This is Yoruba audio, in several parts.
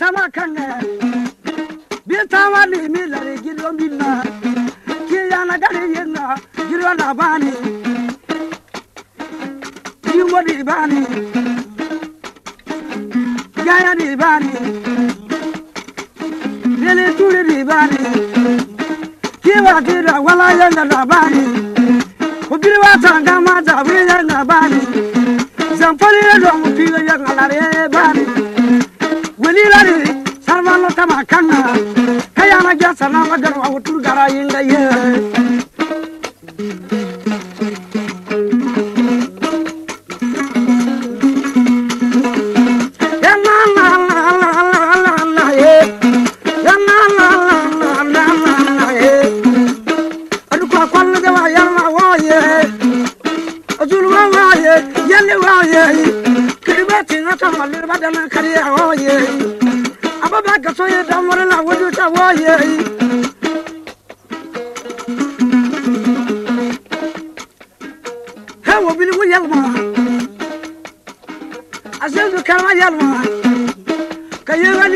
tama kanga bi tama li mi giro re gilo mi na ki ya gari ye na gilo na bani ki wo di bani ya ya di bani lele turi di bani ki wa ki wala ye na da bani ko giri wa tanga ma da ye na bani zamfari ye lo mu ki ye tama kana kayana jasa na magar wa wutur gara yẹ̀yí. Hẹ́wọ̀n bí ni wọ́n wa. Àṣẹ ìlú kẹrin wọ́n yẹ̀lùmọ̀ wa. Kẹ̀yẹ́ wọ́n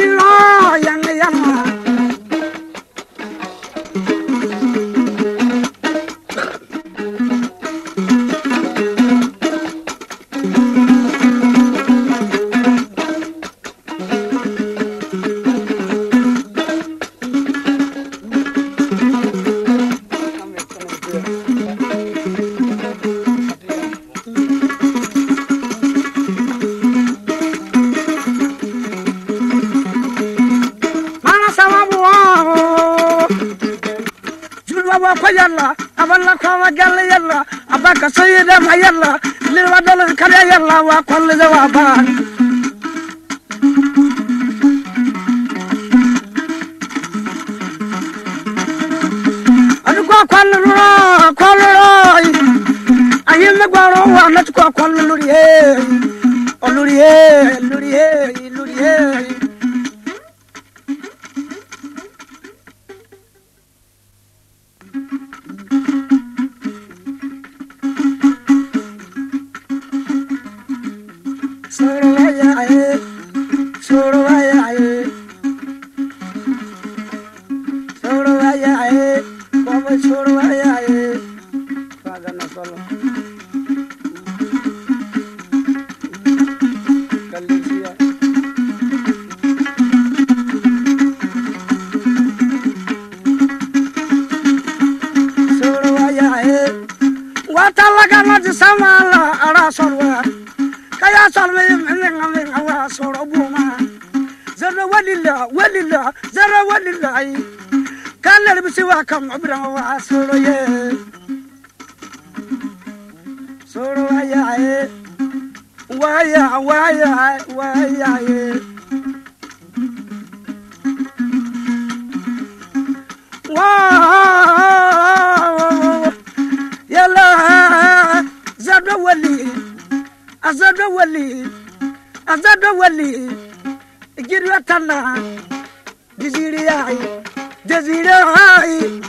abako yalla aba lakoma galla yalla aba kasoyidema yalla lilwa dolin karya yalla wa kollide wa baan adugo kolluluro kolluloi ayimme gwaro wa natuko kolluluriye oluriye luriye ছোড়ো ভাইয়া আয়ে ছোড়ো ভাইয়া আয়ে ছোড়ো ভাইয়া আয়ে কবে ছোড়ো ভাইয়া আয়ে সাজানো চলো What a lagan of the summer, a rascal. salve men men awa soro buma zara walila walila zara walila kallar bisi wa kam abran wa soro ye soro ya ye waya waya waya ye wa azado wali azado wali giratana diziri ai diziri ai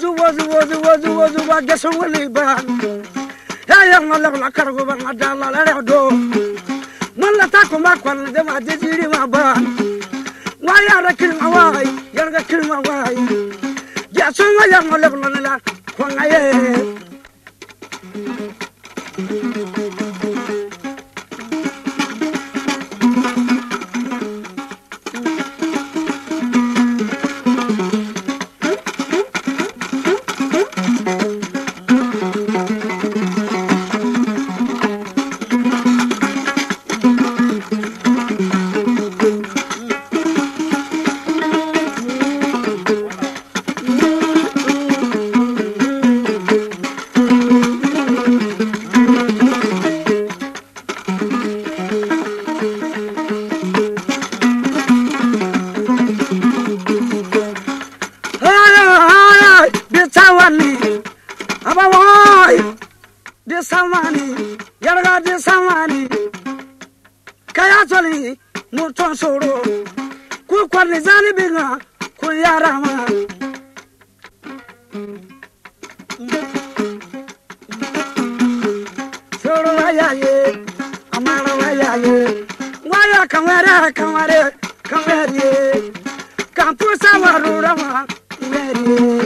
zuwa zuwa zuwa zuwa zuwa gesa wali ba ya ngala la kargo ba ngadala la redo mala ta ko ma kwal de ma diziri ma ba wa ya rakil ma wai ya rakil ma wai ya so ma ya ngala la ko ngaye Thank you. soro ku kwarni binga ku yarama soro wayaye amara wayaye waya kamara kamare kamare kan tusa warurama kamare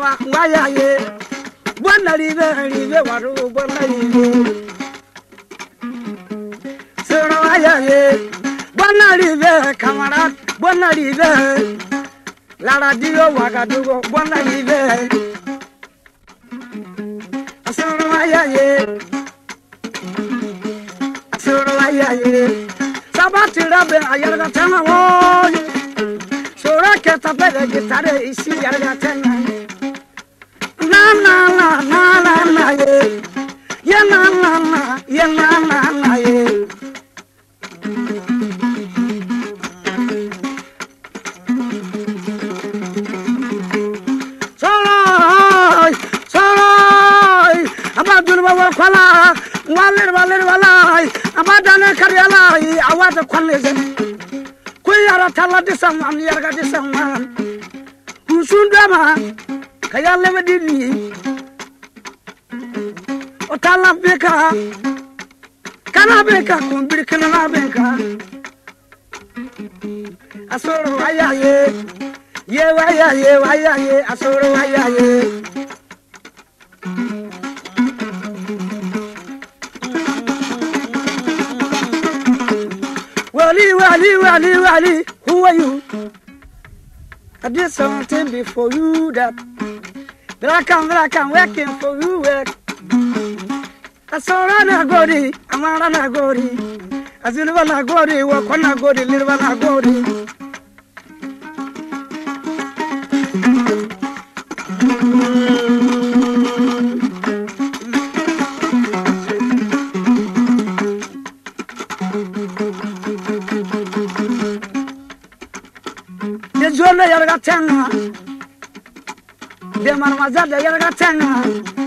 wa bona ye bonna waru bona ribe sero ngaya ye bonna ribe kamara bonna ribe lara diyo wagadugo bonna ribe sero ngaya ye sero ngaya sabati rabe ayarga tanga wo sora keta bele gitare isi yarga tanga na na na na ye ye na na na ye na na na ye. Sorry, sorry, about doing my work, wala, wala, wala, wala, about done a career lie, I want a collision. Kuyara tala disaman, yarga disaman, kusundama, kaya leve dinni utala beka kana beka kumbiri kana beka asoro waya ye ye waya ye waya ye asoro waya ye wali wali wali wali who are you I did something before you that that I can that I can working for you work asora na gori amara na gori azilba na gori wako na gori lirba na gori Jona yarga tenga, de marmaza de yarga tenga.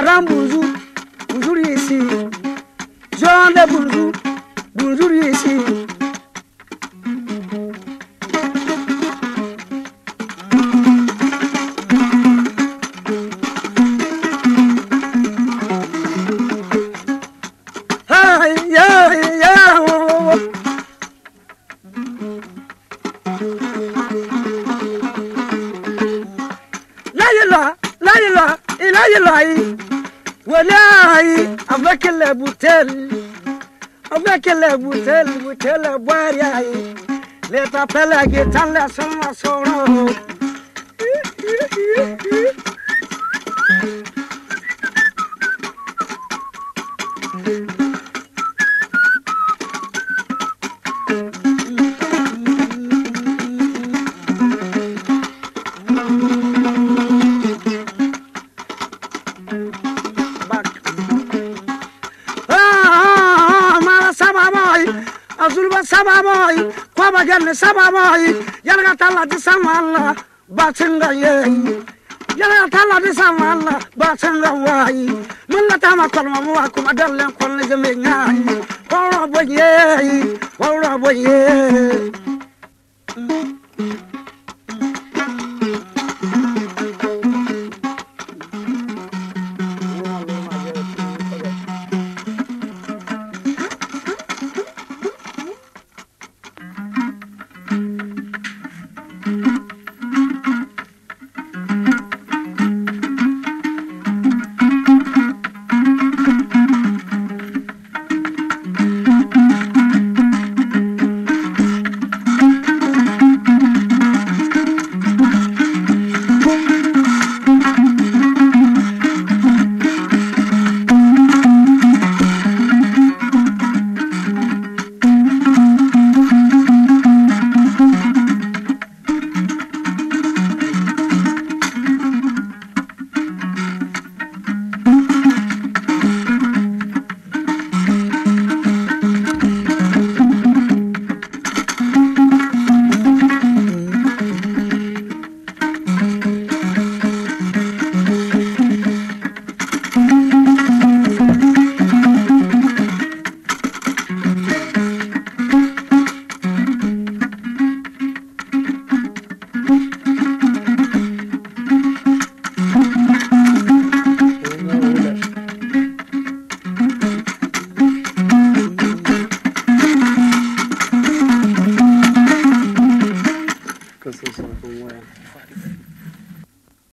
maran buzu buzuri yesi zonde buzu buzuri yesi obekele buteli obekele buteli buteli bwari ayi leta pelegi tanle soma soro. azulba sababoy kwaba gane sababoy yarga talla disan walla batinga ye yarga talla disan walla batinga way mulla tama kolma mu wa kuma dalle kolne jeme nyaay wawra boye wawra boye Mm-hmm.